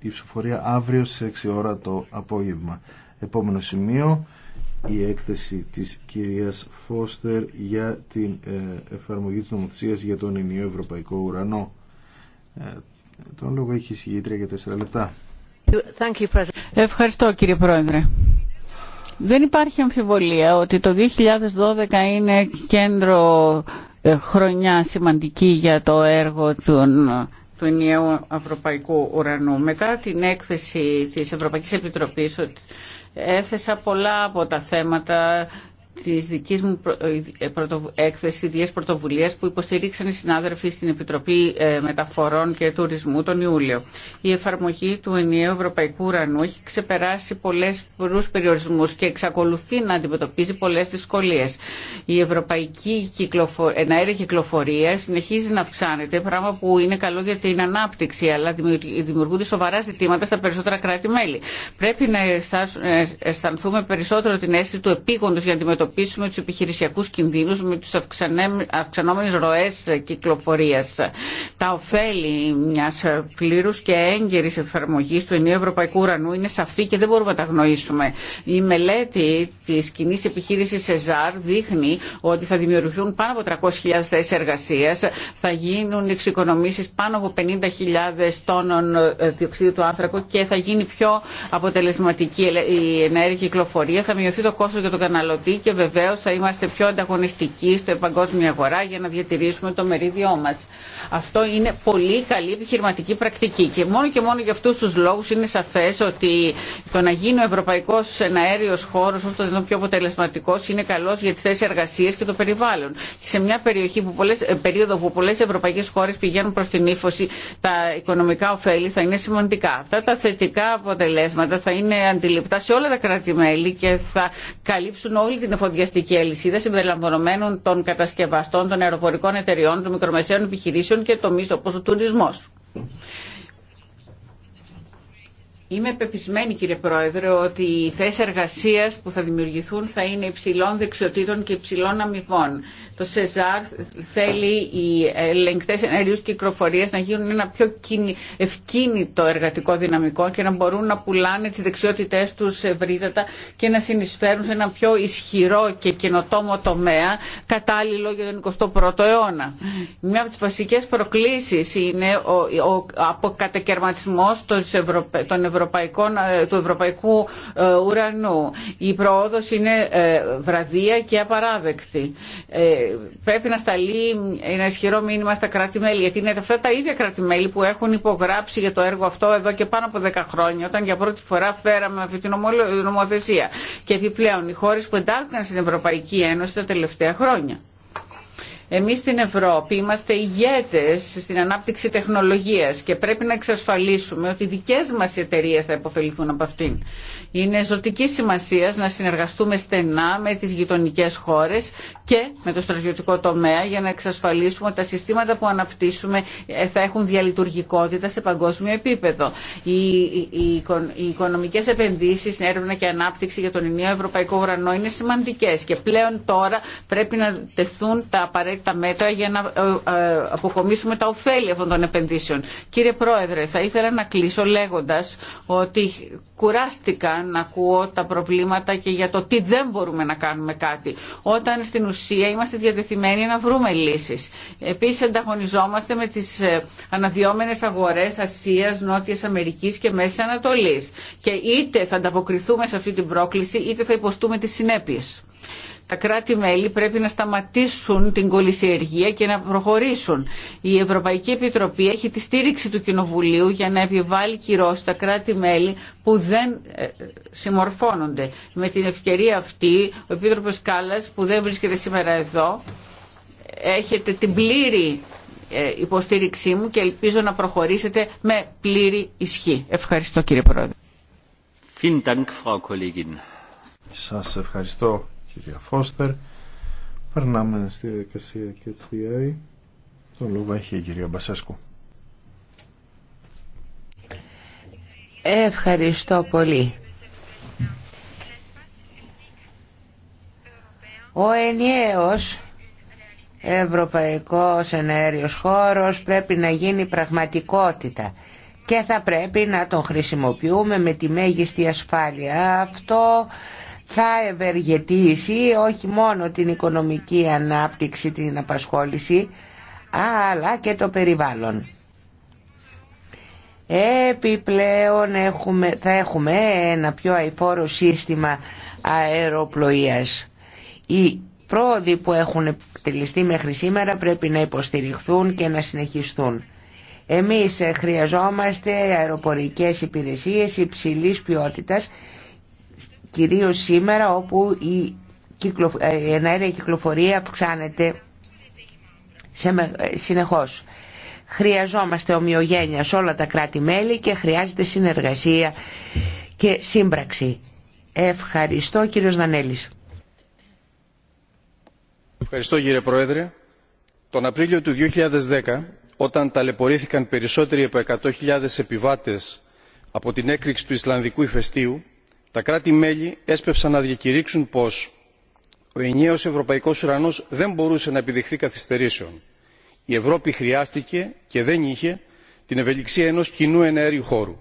η ψηφοφορία αύριο στις 6 ώρα το απόγευμα. Επόμενο σημείο, η έκθεση της κυρίας Φώστερ για την ε, εφαρμογή της νομοθεσίας για τον ενιαίο ευρωπαϊκό ουρανό. Ε, τον λόγο έχει η συγγήτρια για 4 λεπτά. Ευχαριστώ κύριε Πρόεδρε. Δεν υπάρχει αμφιβολία ότι το 2012 είναι κέντρο ε, χρονιά σημαντική για το έργο των του ενιαίου ευρωπαϊκού ουρανού. Μετά την έκθεση της Ευρωπαϊκής Επιτροπής έθεσα πολλά από τα θέματα Τη δική μου ε, ε, έκθεση ιδιαίτερης πρωτοβουλία που υποστηρίξαν οι συνάδελφοι στην Επιτροπή ε, Μεταφορών και Τουρισμού τον Ιούλιο. Η εφαρμογή του ενιαίου ευρωπαϊκού ουρανού έχει ξεπεράσει πολλές περιορισμού και εξακολουθεί να αντιμετωπίζει πολλέ δυσκολίε. Η ευρωπαϊκή κυκλοφορία συνεχίζει να αυξάνεται, πράγμα που είναι καλό για την ανάπτυξη, αλλά δημιουργούνται σοβαρά ζητήματα στα περισσότερα κράτη-μέλη. Πρέπει να αισθανθούμε περισσότερο την αίσθηση του επίγοντο για να αντιμετωπίσουμε τους επιχειρησιακούς κινδύνους με τους αυξανόμενες ροές κυκλοφορίας. Τα ωφέλη μιας πλήρους και έγκαιρης εφαρμογής του ενίου ευρωπαϊκού ουρανού είναι σαφή και δεν μπορούμε να τα γνωρίσουμε. Η μελέτη της κοινή επιχείρησης ΕΖΑΡ δείχνει ότι θα δημιουργηθούν πάνω από 300.000 θέσει εργασίας, θα γίνουν εξοικονομήσεις πάνω από 50.000 τόνων ε, διοξείδου του άνθρακο και θα γίνει πιο αποτελεσματική η ενέργεια κυκλοφορία, θα μειωθεί το κόστος για τον καναλωτή και Βεβαίω, θα είμαστε πιο ανταγωνιστικοί στο παγκόσμια αγορά για να διατηρήσουμε το μερίδιό μα. Αυτό είναι πολύ καλή επιχειρηματική πρακτική και μόνο και μόνο για αυτού του λόγου είναι σαφέ ότι το να γίνει ο ευρωπαϊκός εναέριο χώρος όσο το πιο αποτελεσματικό, είναι καλό για τι θέσει εργασία και το περιβάλλον. σε μια περιοχή που πολλές, ε, περίοδο που πολλέ ευρωπαϊκέ χώρε πηγαίνουν προ την ύφωση τα οικονομικά ωφέλη θα είναι σημαντικά. Αυτά τα θετικά αποτελέσματα θα είναι αντιληπτά σε όλα τα κράτη-μέλη και θα καλύψουν όλη την εφοδιαστική αλυσίδα συμπεριλαμβανομένων των κατασκευαστών, των αεροπορικών εταιριών, των μικρομεσαίων επιχειρήσεων και τομεί όπω ο τουρισμό. Είμαι πεπισμένη κύριε Πρόεδρε ότι οι θέσει εργασία που θα δημιουργηθούν θα είναι υψηλών δεξιοτήτων και υψηλών αμοιβών. Το ΣΕΖΑΡ θέλει οι ελεγκτέ ενεργείου κυκλοφορία να γίνουν ένα πιο ευκίνητο εργατικό δυναμικό και να μπορούν να πουλάνε τι δεξιότητέ του ευρύτατα και να συνεισφέρουν σε ένα πιο ισχυρό και καινοτόμο τομέα κατάλληλο για τον 21ο αιώνα. Μια από τι βασικέ προκλήσει είναι ο, ο των Ευρωπαίων ε, του ευρωπαϊκού ε, ουρανού. Η προόδος είναι ε, βραδία και απαράδεκτη. Πρέπει να σταλεί ένα ισχυρό μήνυμα στα κράτη-μέλη, γιατί είναι αυτά τα ίδια κράτη-μέλη που έχουν υπογράψει για το έργο αυτό εδώ και πάνω από 10 χρόνια, όταν για πρώτη φορά φέραμε αυτή την νομοθεσία. Και επιπλέον, οι χώρες που εντάχθηκαν στην Ευρωπαϊκή Ένωση τα τελευταία χρόνια. Εμείς στην Ευρώπη είμαστε ηγέτες στην ανάπτυξη τεχνολογίας και πρέπει να εξασφαλίσουμε ότι οι δικές μας εταιρείες θα υποφεληθούν από αυτήν. Είναι ζωτική σημασία να συνεργαστούμε στενά με τις γειτονικές χώρες και με το στρατιωτικό τομέα για να εξασφαλίσουμε ότι τα συστήματα που αναπτύσσουμε ε, θα έχουν διαλειτουργικότητα σε παγκόσμιο επίπεδο. Οι, οι, οι, οικονομικές επενδύσεις έρευνα και ανάπτυξη για τον ενιαίο ευρωπαϊκό ουρανό είναι σημαντικές και πλέον τώρα πρέπει να τεθούν τα απαραίτητα τα μέτρα για να ε, ε, αποκομίσουμε τα ωφέλη αυτών των επενδύσεων. Κύριε Πρόεδρε, θα ήθελα να κλείσω λέγοντας ότι κουράστηκα να ακούω τα προβλήματα και για το τι δεν μπορούμε να κάνουμε κάτι, όταν στην ουσία είμαστε διατεθειμένοι να βρούμε λύσεις. Επίσης ανταγωνιζόμαστε με τις ε, αναδυόμενες αγορές Ασίας, Νότιας Αμερικής και Μέση Ανατολής. Και είτε θα ανταποκριθούμε σε αυτή την πρόκληση, είτε θα υποστούμε τις συνέπειες. Τα κράτη-μέλη πρέπει να σταματήσουν την κολυσιεργία και να προχωρήσουν. Η Ευρωπαϊκή Επιτροπή έχει τη στήριξη του Κοινοβουλίου για να επιβάλλει κυρώσει στα κράτη-μέλη που δεν ε, συμμορφώνονται. Με την ευκαιρία αυτή, ο Επίτροπος Κάλλας, που δεν βρίσκεται σήμερα εδώ, έχετε την πλήρη ε, υποστήριξή μου και ελπίζω να προχωρήσετε με πλήρη ισχύ. Ευχαριστώ κύριε Πρόεδρε. Σας ευχαριστώ κυρία Φώστερ. Περνάμε στη διαδικασία και τη Το λόγο έχει η κυρία Μπασέσκου. Ευχαριστώ πολύ. Ο ενιαίος ευρωπαϊκός ενέργειο χώρος πρέπει να γίνει πραγματικότητα και θα πρέπει να τον χρησιμοποιούμε με τη μέγιστη ασφάλεια. Αυτό θα ευεργετήσει όχι μόνο την οικονομική ανάπτυξη, την απασχόληση, αλλά και το περιβάλλον. Επιπλέον έχουμε, θα έχουμε ένα πιο αηφόρο σύστημα αεροπλοείας. Οι πρόοδοι που έχουν εκτελεστεί μέχρι σήμερα πρέπει να υποστηριχθούν και να συνεχιστούν. Εμείς χρειαζόμαστε αεροπορικές υπηρεσίες υψηλής ποιότητας κυρίως σήμερα όπου η, κυκλο, ε, ενέργεια κυκλοφορία αυξάνεται σε, ε, συνεχώς. Χρειαζόμαστε ομοιογένεια σε όλα τα κράτη-μέλη και χρειάζεται συνεργασία και σύμπραξη. Ευχαριστώ κύριος Δανέλης. Ευχαριστώ κύριε Πρόεδρε. Τον Απρίλιο του 2010, όταν ταλαιπωρήθηκαν περισσότεροι από 100.000 επιβάτες από την έκρηξη του Ισλανδικού ηφαιστείου, τα κράτη μέλη έσπευσαν να διακηρύξουν πως ο ενιαίος ευρωπαϊκός ουρανός δεν μπορούσε να επιδειχθεί καθυστερήσεων. η ευρώπη χρειάστηκε και δεν είχε την ευελιξία ενός κοινού ενέργειου χώρου.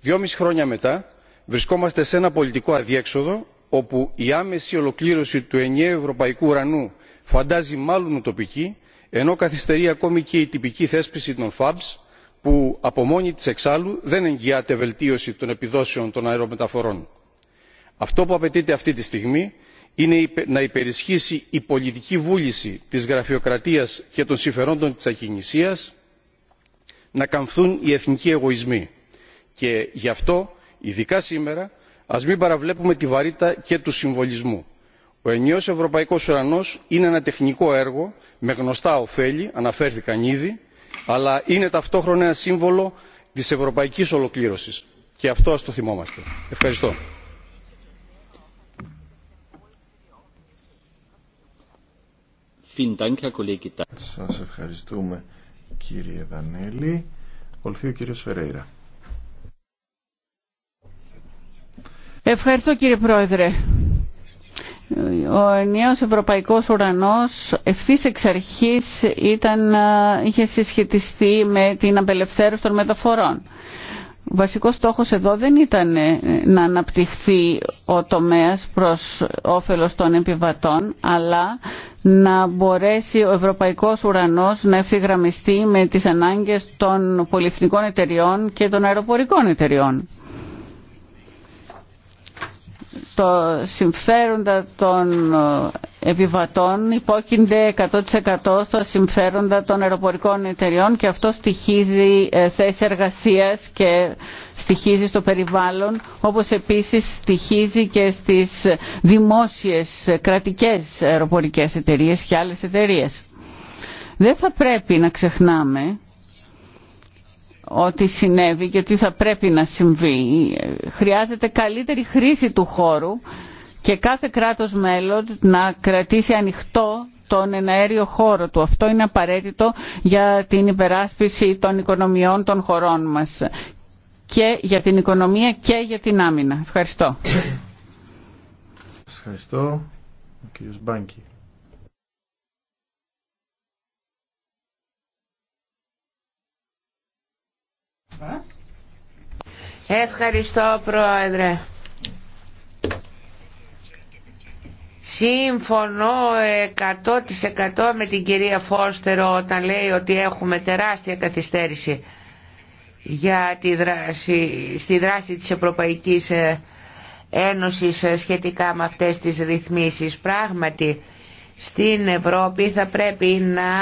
δυόμιση χρόνια μετά βρισκόμαστε σε ένα πολιτικό αδιέξοδο όπου η άμεση ολοκλήρωση του ενιαίου ευρωπαϊκού ουρανού φαντάζει μάλλον ουτοπική ενώ καθυστερεί ακόμη και η τυπική θέσπιση των ΦΑΜΣ που από μόνη της εξάλλου δεν εγγυάται βελτίωση των επιδόσεων των αερομεταφορών. αυτό που απαιτείται αυτή τη στιγμή είναι να υπερισχύσει η πολιτική βούληση της γραφειοκρατίας και των συμφερόντων της ακινησίας να καμφθούν οι εθνικοί εγωισμοί και γι' αυτό ειδικά σήμερα ας μην παραβλέπουμε τη βαρύτητα και του συμβολισμού. ο ενιαίος ευρωπαϊκός ουρανός είναι ένα τεχνικό έργο με γνωστά ωφέλη αναφέρθηκαν ήδη αλλά είναι ταυτόχρονα ένα σύμβολο της ευρωπαϊκής ολοκλήρωσης και αυτό ας το θυμόμαστε. Ευχαριστώ. Σας ευχαριστούμε κύριε Δανέλη. Ολθεί ο κύριος Φερέιρα. Ευχαριστώ κύριε Πρόεδρε ο ενιαίος ευρωπαϊκός ουρανός ευθύς εξ αρχής ήταν, ε, είχε συσχετιστεί με την απελευθέρωση των μεταφορών. Ο βασικός στόχος εδώ δεν ήταν ε, να αναπτυχθεί ο τομέας προς όφελος των επιβατών, αλλά να μπορέσει ο ευρωπαϊκός ουρανός να ευθυγραμμιστεί με τις ανάγκες των πολυεθνικών εταιριών και των αεροπορικών εταιριών το συμφέροντα των ε, επιβατών υπόκεινται 100% στα συμφέροντα των αεροπορικών εταιριών και αυτό στοιχίζει ε, θέσει εργασίας και στοιχίζει στο περιβάλλον όπως επίσης στοιχίζει και στις δημόσιες ε, κρατικές αεροπορικές εταιρείες και άλλες εταιρείες. Δεν θα πρέπει να ξεχνάμε ό,τι συνέβη και τι θα πρέπει να συμβεί. Χρειάζεται καλύτερη χρήση του χώρου και κάθε κράτος μέλος να κρατήσει ανοιχτό τον εναέριο χώρο του. Αυτό είναι απαραίτητο για την υπεράσπιση των οικονομιών των χωρών μας και για την οικονομία και για την άμυνα. Ευχαριστώ. Ευχαριστώ. κύριος Ευχαριστώ Πρόεδρε. Σύμφωνο 100% με την κυρία Φώστερο όταν λέει ότι έχουμε τεράστια καθυστέρηση για τη δράση, στη δράση της Ευρωπαϊκής ε, Ένωσης ε, σχετικά με αυτές τις ρυθμίσεις. Πράγματι, στην Ευρώπη θα πρέπει να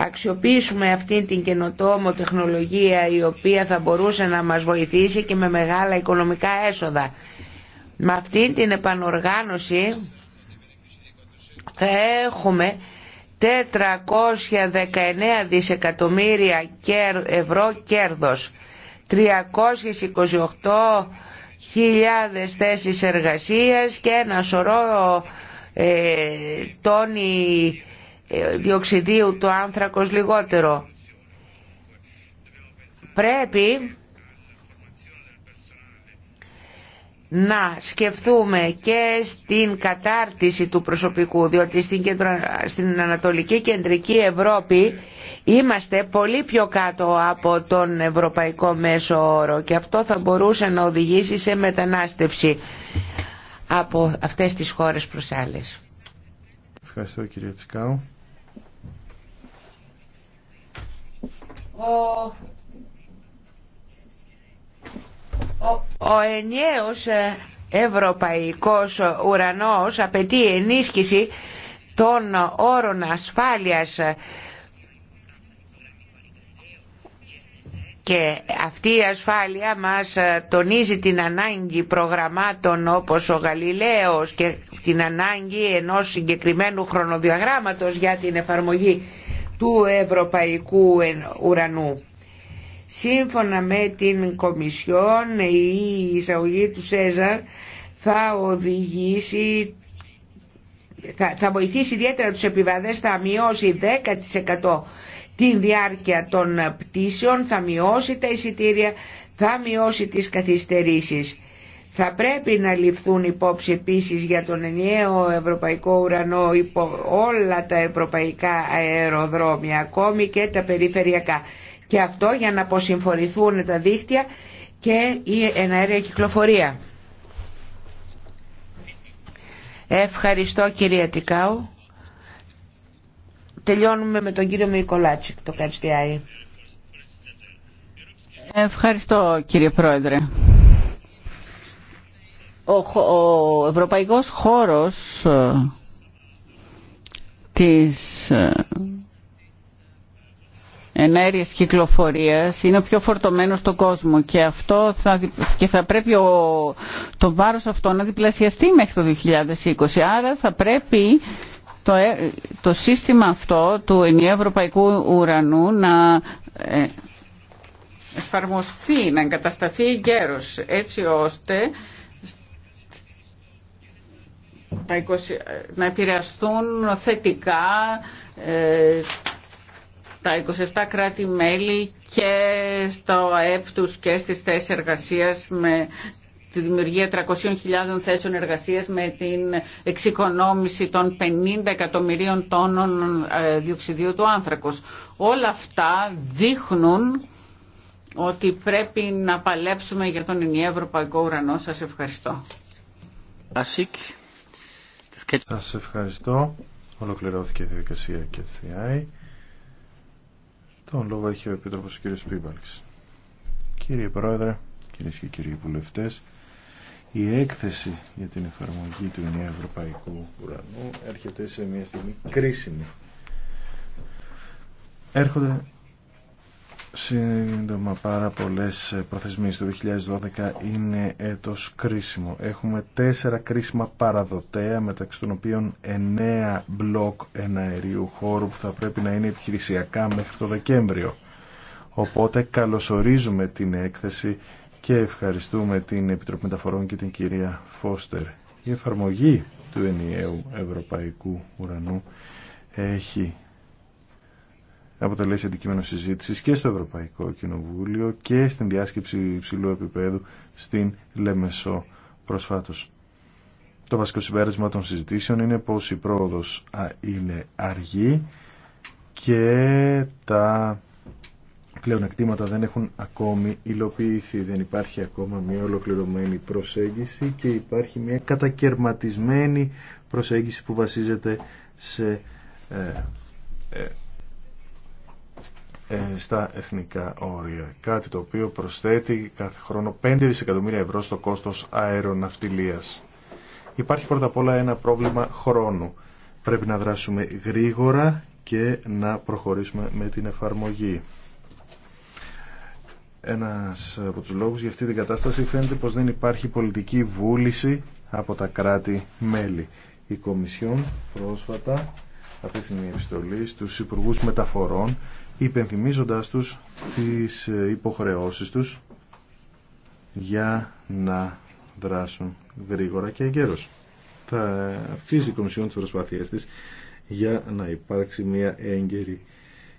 αξιοποιήσουμε αυτή την καινοτόμο τεχνολογία η οποία θα μπορούσε να μας βοηθήσει και με μεγάλα οικονομικά έσοδα. Με αυτή την επανοργάνωση θα έχουμε 419 δισεκατομμύρια ευρώ κέρδος, 328.000 θέσεις εργασίας και ένα σωρό ε, τόνοι διοξιδίου το άνθρακος λιγότερο. Πρέπει να σκεφτούμε και στην κατάρτιση του προσωπικού, διότι στην, στην Ανατολική Κεντρική Ευρώπη είμαστε πολύ πιο κάτω από τον Ευρωπαϊκό Μέσο Όρο και αυτό θα μπορούσε να οδηγήσει σε μετανάστευση από αυτές τις χώρες προς άλλες. Ευχαριστώ κύριε Τσικάου. Ο, ο ενιαίος ε, ευρωπαϊκός ουρανός απαιτεί ενίσχυση των όρων ασφάλειας και αυτή η ασφάλεια μας ε, τονίζει την ανάγκη προγραμμάτων όπως ο Γαλιλαίος και την ανάγκη ενός συγκεκριμένου χρονοδιαγράμματος για την εφαρμογή του Ευρωπαϊκού Ουρανού. Σύμφωνα με την Κομισιόν η εισαγωγή του ΣΕΖΑΡ θα οδηγήσει θα, θα βοηθήσει ιδιαίτερα τους επιβαδές, θα μειώσει 10% την διάρκεια των πτήσεων, θα μειώσει τα εισιτήρια, θα μειώσει τις καθυστερήσεις. Θα πρέπει να ληφθούν υπόψη επίση για τον ενιαίο ευρωπαϊκό ουρανό υπό όλα τα ευρωπαϊκά αεροδρόμια, ακόμη και τα περιφερειακά. Και αυτό για να αποσυμφορηθούν τα δίχτυα και η εναέρια κυκλοφορία. Ευχαριστώ κυρία Τικάου. Τελειώνουμε με τον κύριο Μικολάτσικ, το Κατστιάη. Ευχαριστώ κύριε Πρόεδρε ο, ο ευρωπαϊκός χώρος ε, της ε, ενέργειας κυκλοφορίας είναι ο πιο φορτωμένος στον κόσμο και, αυτό θα, και θα πρέπει ο, το βάρος αυτό να διπλασιαστεί μέχρι το 2020. Άρα θα πρέπει το, ε, το σύστημα αυτό του ενιαίου ευρωπαϊκού ουρανού να εφαρμοστεί, να εγκατασταθεί γέρος έτσι ώστε ε, να επηρεαστούν θετικά ε, τα 27 κράτη-μέλη και στο ΑΕΠ τους και στις θέσεις εργασίας με τη δημιουργία 300.000 θέσεων εργασίας με την εξοικονόμηση των 50 εκατομμυρίων τόνων ε, διοξιδίου του άνθρακος. Όλα αυτά δείχνουν ότι πρέπει να παλέψουμε για τον ενιαίο ευρωπαϊκό ουρανό. Σας ευχαριστώ. Σας ευχαριστώ. Ολοκληρώθηκε η διαδικασία και ΘΙΑΗ. Τον λόγο έχει ο Επίτροπος ο κ. Πίμπαλξ. Κύριε Πρόεδρε, κυρίες και κύριοι βουλευτές, η έκθεση για την εφαρμογή του Νέα Ευρωπαϊκού Ουρανού έρχεται σε μια στιγμή κρίσιμη. Έρχονται Σύντομα πάρα πολλές προθεσμίες. Το 2012 είναι έτος κρίσιμο. Έχουμε τέσσερα κρίσιμα παραδοτέα μεταξύ των οποίων εννέα μπλοκ εναερίου χώρου που θα πρέπει να είναι επιχειρησιακά μέχρι το Δεκέμβριο. Οπότε καλωσορίζουμε την έκθεση και ευχαριστούμε την Επιτροπή Μεταφορών και την κυρία Φώστερ. Η εφαρμογή του ενιαίου ευρωπαϊκού ουρανού έχει αποτελέσει αντικείμενο συζήτηση και στο Ευρωπαϊκό Κοινοβούλιο και στην διάσκεψη υψηλού επίπεδου στην Λεμεσό προσφάτως. Το βασικό συμπέρασμα των συζητήσεων είναι πώ η πρόοδο είναι αργή και τα πλέον δεν έχουν ακόμη υλοποιηθεί. Δεν υπάρχει ακόμα μια ολοκληρωμένη προσέγγιση και υπάρχει μια κατακαιρματισμένη προσέγγιση που βασίζεται σε ε, ε, ε, στα εθνικά όρια. Κάτι το οποίο προσθέτει κάθε χρόνο 5 δισεκατομμύρια ευρώ στο κόστος αεροναυτιλίας. Υπάρχει πρώτα απ' όλα ένα πρόβλημα χρόνου. Πρέπει να δράσουμε γρήγορα και να προχωρήσουμε με την εφαρμογή. Ένας από τους λόγους για αυτή την κατάσταση φαίνεται πως δεν υπάρχει πολιτική βούληση από τα κράτη-μέλη. Η Κομισιόν πρόσφατα απέθυνε επιστολή στους Υπουργούς Μεταφορών υπενθυμίζοντάς τους τις ε, υποχρεώσεις τους για να δράσουν γρήγορα και εγκαίρως. Θα αυξήσει η Κομισιόν τις προσπάθειές της για να υπάρξει μια έγκαιρη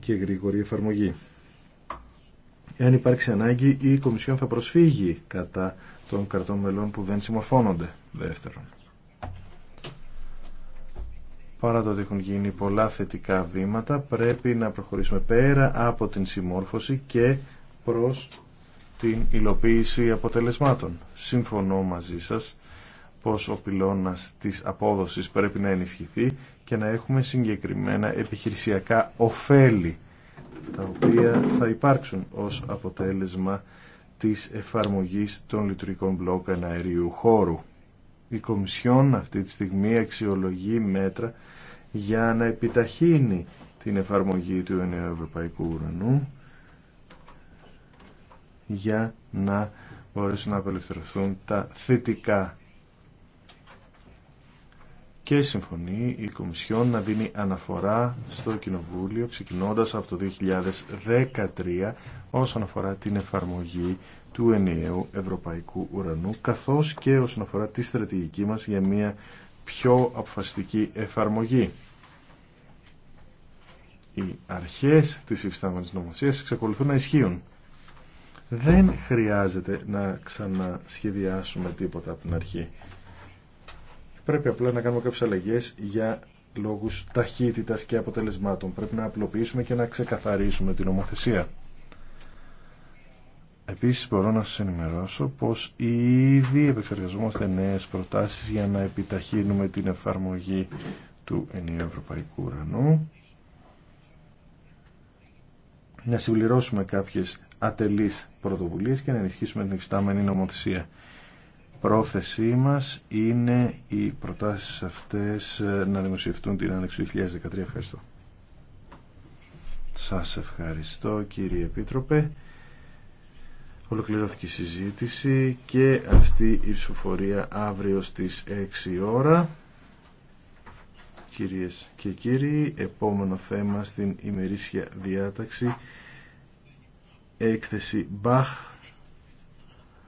και γρήγορη εφαρμογή. Εάν υπάρξει ανάγκη, η Κομισιόν θα προσφύγει κατά των κρατών μελών που δεν συμμορφώνονται. Δεύτερον παρά το ότι έχουν γίνει πολλά θετικά βήματα, πρέπει να προχωρήσουμε πέρα από την συμμόρφωση και προς την υλοποίηση αποτελεσμάτων. Συμφωνώ μαζί σας πως ο πυλώνας της απόδοσης πρέπει να ενισχυθεί και να έχουμε συγκεκριμένα επιχειρησιακά ωφέλη τα οποία θα υπάρξουν ως αποτέλεσμα της εφαρμογής των λειτουργικών μπλοκ αερίου χώρου. Η Κομισιόν αυτή τη στιγμή αξιολογεί μέτρα για να επιταχύνει την εφαρμογή του νέου ευρωπαϊκού ουρανού για να μπορέσουν να απελευθερωθούν τα θετικά και συμφωνεί η Κομισιόν να δίνει αναφορά στο Κοινοβούλιο ξεκινώντας από το 2013 όσον αφορά την εφαρμογή του ενιαίου ευρωπαϊκού ουρανού καθώς και όσον αφορά τη στρατηγική μας για μια πιο αποφασιστική εφαρμογή. Οι αρχές της υφιστάμενης νομοσίας εξακολουθούν να ισχύουν. Δεν χρειάζεται να ξανασχεδιάσουμε τίποτα από την αρχή. Πρέπει απλά να κάνουμε κάποιε αλλαγέ για λόγους ταχύτητα και αποτελεσμάτων. Πρέπει να απλοποιήσουμε και να ξεκαθαρίσουμε την νομοθεσία. Επίσης μπορώ να σας ενημερώσω πως ήδη επεξεργαζόμαστε νέες προτάσεις για να επιταχύνουμε την εφαρμογή του ενιαίου ευρωπαϊκού ουρανού. Να συμπληρώσουμε κάποιες ατελείς πρωτοβουλίες και να ενισχύσουμε την εξτάμενη νομοθεσία πρόθεσή μας είναι οι προτάσεις αυτές να δημοσιευτούν την άνοιξη του 2013. Ευχαριστώ. Σας ευχαριστώ κύριε Επίτροπε. Ολοκληρώθηκε η συζήτηση και αυτή η ψηφοφορία αύριο στις 6 ώρα. Κυρίες και κύριοι, επόμενο θέμα στην ημερήσια διάταξη έκθεση Μπαχ